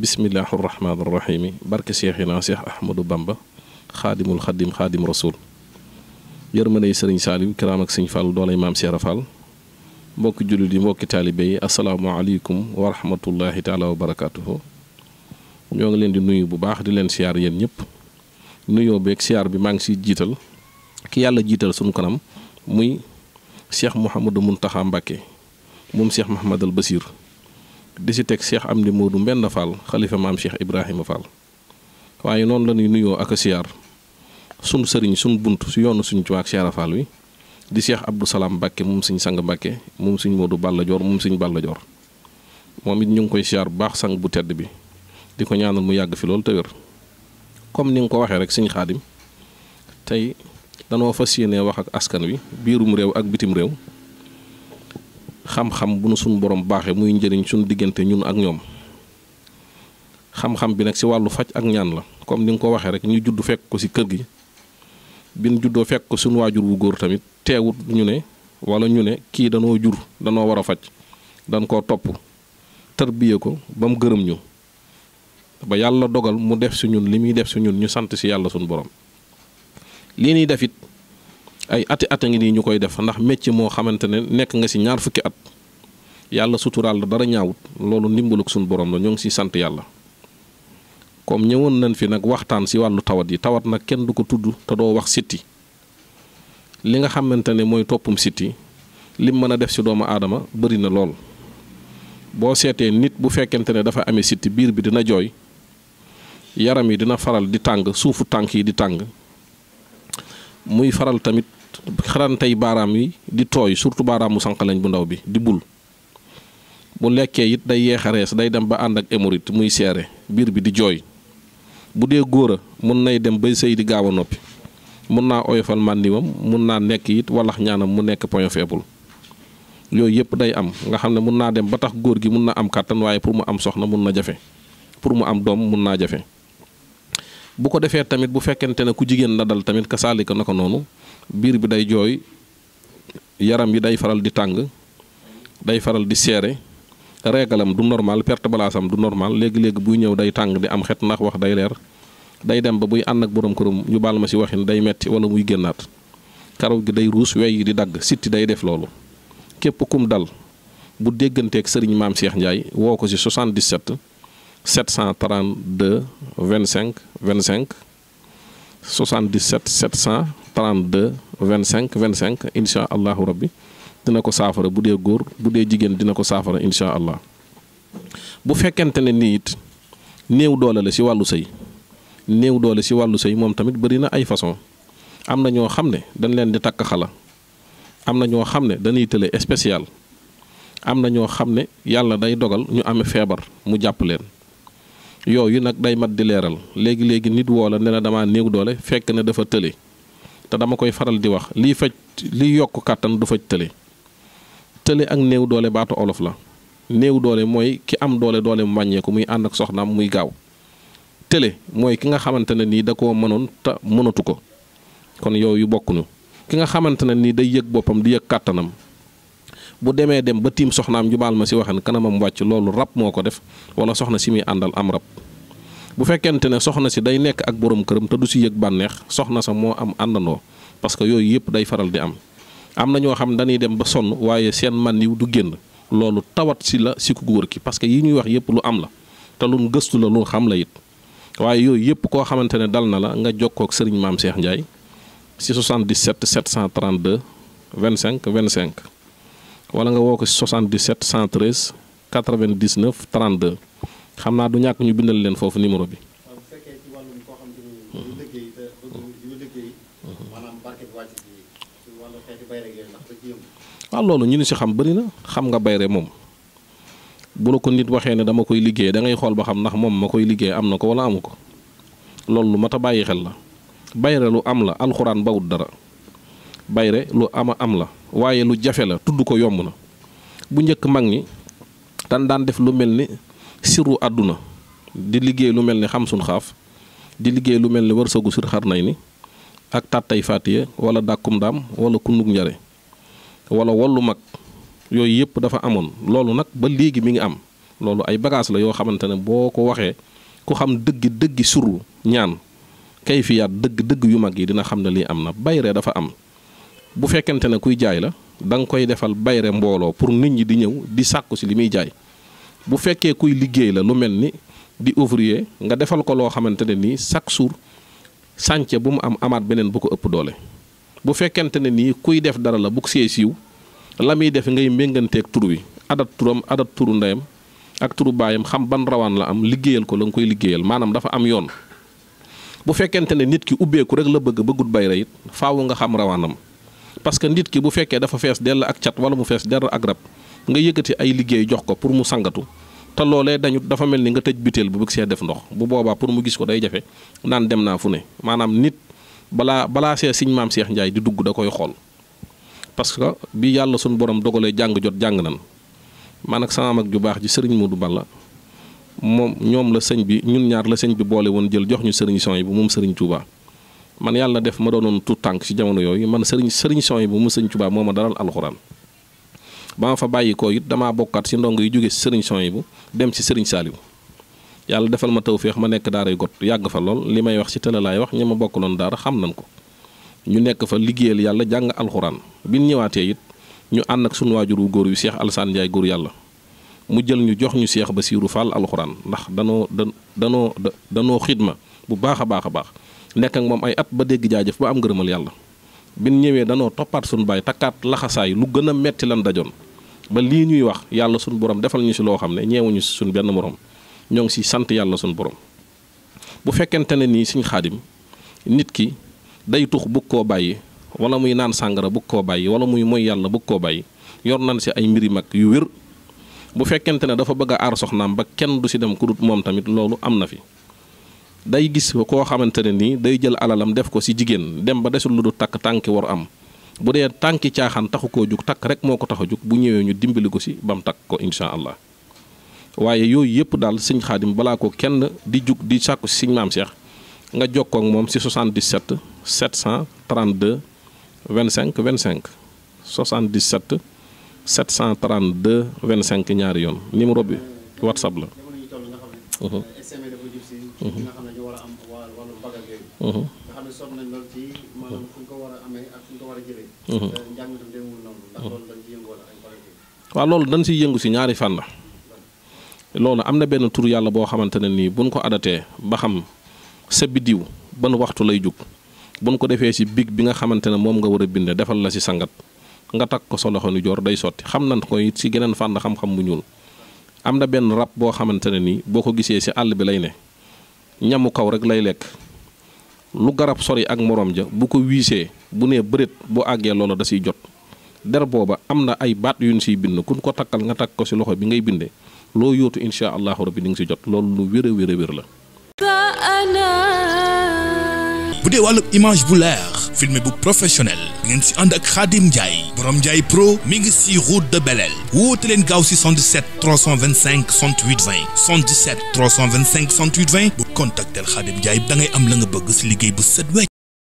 bismillaahi rahmaani rahiim barke Seexinaa Seex Ahmadou Bamba xaadimul xadim xaadim rasul yërmande sëriñ Saaliw kiraam ak sëñ Fall doolay maam Seera Fall mbokki jullit yi mbokki taalibe yi asalaamaaleykum wa rahmatullahi taala wa barakaatuhu ñoo ngi leen di nuyu bu baax di leen siyaar yéen ñëpp nuyoo beeg siyaar bi maa ngi siy jiital ki yàlla jiital suñu kanam muy Cheikh Mouhamadou Mountakha Mbacké moom Cheikh Mouhamadou Al Bassir di ci tek Cheikh Amdi modou Mbenda Fall khalifah maam Cheikh ibrahim Fall waye non la ñuy nuyoo ak a sun sunu sun sunu bunt si yoonu suñu ci wak Cheikh Fall wi di Cheikh Abdou salam bakke mum suñ sang bakke mum suñ modou Balla jor mum suñ Balla jor momit ñu koy siyaar bax sang bu tedd bi di ñaanal mu yag fi lol te wér comme ni ngi ko waxe rek suñ khadim tay dañu fassiyene wax ak askan wi birum rew ak bitim rew xam-xam bu nu suñ borom baaxee muy njëriñ suñ digënté ñun ak ñom xam-xam bi nak ci walu fajj ak ñaan la comme ni nga ko waxé rek ñu judd fekk ko ci kër gi bin juddoo fekk ko suñu wajur wu goor tamit téwut ñu né wala ñu ne kii danoo jur danoo war dan koo topu tarbiye ko bam nyu. ñu ba yalla dogal mu def ci ñun limi def sun ñun ñu sant ci yalla suñu borom li ni defit ay ati ati ngi nii koy def ndax metti mo xamantene nek nga si ñaar fukki at yalla sutural la dara ñaawut lolu ndimbalug sun borom la ñong ci sante yalla comme ñewon nañ fi nak waxtaan si walu tawat yi tawat nak kenn duko ko tudd te wax siti li nga xamantene moy topum siti lim meuna def si dooma adama bëri na lool bo sété nit bu fekkentene dafa amé siti bir bi dina joy yaram yi dina faral di tang suufu tanki di tang muy faral tamit xarantey baram yi di toy surtout sank lañ bu ndaw bi di bul bu lekkee it day yeex rees day dem ba ànd ak hémorroïde muy seere biir bi di jooy bu dee góor a mun nay dem ba sëy di gaaw a noppi mun naa oyofal màndiwam mun naa nekk it walax ñaanam mu nekk point faible yooyu yëpp day am nga xam ne mun naa dem ba tax góor gi mun na am kàttan waaye pour mu am soxna mun na jafe pour mu am doom mun naa jafe bu ko defee tamit bu fekkente ne ku jigéen la dal tamit kasaalika na ko noonu biir bi day jooy yaram yi day faral di tàng day faral di seere régalam du normal perte place am du normal leg leg buy ñew day tang di am xet ndax wax day leer day dem ba buy and ak borom këram ñu bal ma ci waxin day metti wala muy gennat karaw gi day ruus wey yi di dag, sitti day def lolu kep kum dal bu ak serigne mam Cheikh ndjay woo ko 77 732 25 25 77 732 25 25 insha allah rabbi dina ko saafara bu dee góor bu dee jigéen dina ko saafara incha allah bu fekkente ne nii it néew doole la ci wàllu sëy néew doole ci wàllu sëy moom tamit bari na ay façon am na ñoo xam ne dañ leen di takk xala am na ñoo xam ne dañuy tële spécial am na ñoo xam ne yàlla day dogal ñu ame feebar mu jàpp leen yooyu nag day mat di leeral léegi léegi nit woo la ne la damaa néew doole fekk ne dafa tële te dama koy faral di wax liy faj liy yokk kàttan du faj tële tële ak néew doole baatu olof la néew doole mooy ki am doole doole mu wàññeeku muy ànd ak soxnaam muy gaaw tële mooy ki nga xamante ne nii da koo mënoon te mënatu ko kon yooyu bokkuñu ki nga xamante ne nii day yëg boppam di yëg kàttanam bu demee dem ba tiim soxnaam ju baal ma si waxan kanamam wàcc loolu rab moo ko def wala soxna si muy àndal am rab bu fekkente ne soxna si day nekk ak borom këram te du si yëg bànneex soxna sa moo am àndandoo parce que yooyu yëpp day faral di am. amna ñoo xam dañuy dem ba son waye seen man yiw du genn lolu tawat ci la ci ku góor ki parce que yi ñuy wax yépp lu am la ta lu ngeestu la lu xam la yit waye yoy yépp ko xamantene dal na la nga ak serigne mam Cheikh ndjay ci 77 732 25 25 wala nga woo ko 77 113 99 32 xamna du ñak ñu bindal leen fofu numéro bi. waaw ah, loolu ñu ni si xam bari na xam nga bayre moom bu la ko nit waxee ne dama koy liggéey dangay xool ba xam ndax moom ma koy liggéey am na ko wala amu ko loolu lu mat a bàyyi xel la bayre lu am la alxuraan bawut dara bayre lu ama am la waaye lu jafe la tudd ko yomb na bu njëkk mag ñi dan daan def lu mel ni siru àdduna di liggéey lu mel ni xam sun xaaf di liggéey lu mel ni wërsëgu sir xar nay ni ak tàttay fatiya wala dàkkum daam wala kundug njare wala wallu mag yooyu yëpp dafa amoon loolu nag ba léegi mi ngi am loolu ay bagage la yoo xamante ne boo ko waxee ku xam dëgg dëgg suru ñaan kay fiyaat dëgg dëgg yu mag yi dina xam ne lii am na bayre dafa am bu fekkente ne kuy jaay la da nga koy defal bayre mbooloo pour nit ñi di ñëw di sàkku si li muy jaay bu fekkee kuy liggéey la lu mel ni di ouvrier nga defal ko loo xamante ne nii chaque jour sànce bu mu am amaat beneen bu ko ëpp doole bu fekkente ne nii kuy def dara la bu ko siw siiw la muy def ngay ménganteeg tur wi adat turam adat turu ndeyam ak turu baayam xam ban rawaan la am liggéeyal ko la nga koy liggéeyal maanaam dafa am yoon bu fekkente ne nit ki ubbeeku rek la bëgg bëggut bayra it faawu nga xam rawaanam parce que nit ki bu fekkee dafa fees dell ak cat wala mu fees dell ak rab nga yëkkati ay liggéey jox ko pour mu sangatu te loolee dañu dafa mel ni nga tëj butéel bu bëgg see def ndox bu boobaa pour mu gis ko day jafe naan dem naa fu ne maanaam nit balaa balaa see siñ maam Cheikh Ndiaye di dugg da koy xool parce que bi yàlla suñu borom dogalee jàng jot jàng nan man ak sama mag ju baax ji sëriñ Modou Balla moom ñoom la sëñ bi ñun ñaar la sëñ bi boole woon jël jox ñu sëriñ son yi bu moom sëriñ Touba man yàlla def ma doonoon tout tànk ci jamono yooyu man sëriñ sëriñ son yi bu moom sëriñ Touba moo ma daral alxuraan ba ma fa bàyyikoo yit dama bokkat dong ndong yu jóge si sëriñ bu dem si serigne salim yalla defal ma tawfiq ma daara yu got yag fa lol limay wax ci tele lay wax ñi ma non daara xam nañ ko ñu nek fa liggeel yalla jang alquran bi ñu ñëwaatee it ñu and ak sun wajuru goor yu Cheikh Alassane Ndiaye goor yalla mu jël ñu jox ñu Cheikh basirou Fall alquran ndax dano dano dano danoo xidma bu baax a baax nek ak mom ay at ba deg jaajeuf ba am yalla bin ñëwee danoo toppaat sun baay takat laxasaay lu gëna metti lan dajoon ba li ñuy wax yalla suñu borom defal ñu ci lo xamne ne ñu si suñu benn morom ñong ngi si sant yàlla suñu borom bu fekente ne nii suñ xaadim nit ki day tux bu ko bayyi wala muy naan sangara bu ko bayyi wala muy moy yalla bu ko bayyi yor nan si ay mbiri mak yu wér bu fekente ne dafa bëgg ar soxnam ba kenn du ci dem ku dut mom tamit loolu amna fi day gis ko xamantene ni day jël alalam def ko si jigen, dem ba desul lu du tak tanki war am bu dee tànki caaxaan taxu koo jug takk rek moo ko tax a jug bu ñëwee ñu dimbali ko si ba mu takk ko incha allah waaye yooyu yëpp daal sëñ xaadim balaa ko kenn di jug di sàkku si siñ maam Cheikh nga jokkoo ak moom si 77 732 25 25 77 732 25 ñaari yoon numéro bi WhatsApp la. Mhm. yooyu. Mhm. ñi mhm. loolu dañ siy yëngu si ñaari fànn loolu am na benn tur yàlla boo xamante ne nii buñ ko adatee ba xam sa biddiw ban waxtu lay jug buñ ko defee si big bi nga xamante ne moom nga war a bind defal la si sangat nga takk ko sa loxo joor day sotti xam nañ ko it si geneen fànn xam-xam bu ñuul am na benn rab boo xamante ne nii boo ko gisee si àll bi lay ne ñamu kaw rek lay lekk lu garab sori ak moroom ja bu ko wiisee bu nee bëreet bu àggee loola da siy jot der booba am na ay baat yu yuñ siy bind kun ko takkal nga takk ko si loxo bi ngay bindee loo yóotu incha allahu rabbi di nga si jot loolu lu wér a wér wér la bu dee wàllu image bu leer filmé bu professionnel ngeen si ànd ak Khadim Ndiaye borom Ndiaye pro mi ngi si route de Belel woote leen gaaw si 77 325 68 20 77 325 68 20 bu contactel Khadim Ndiaye da am la nga bëgg si liggéey bu set wecc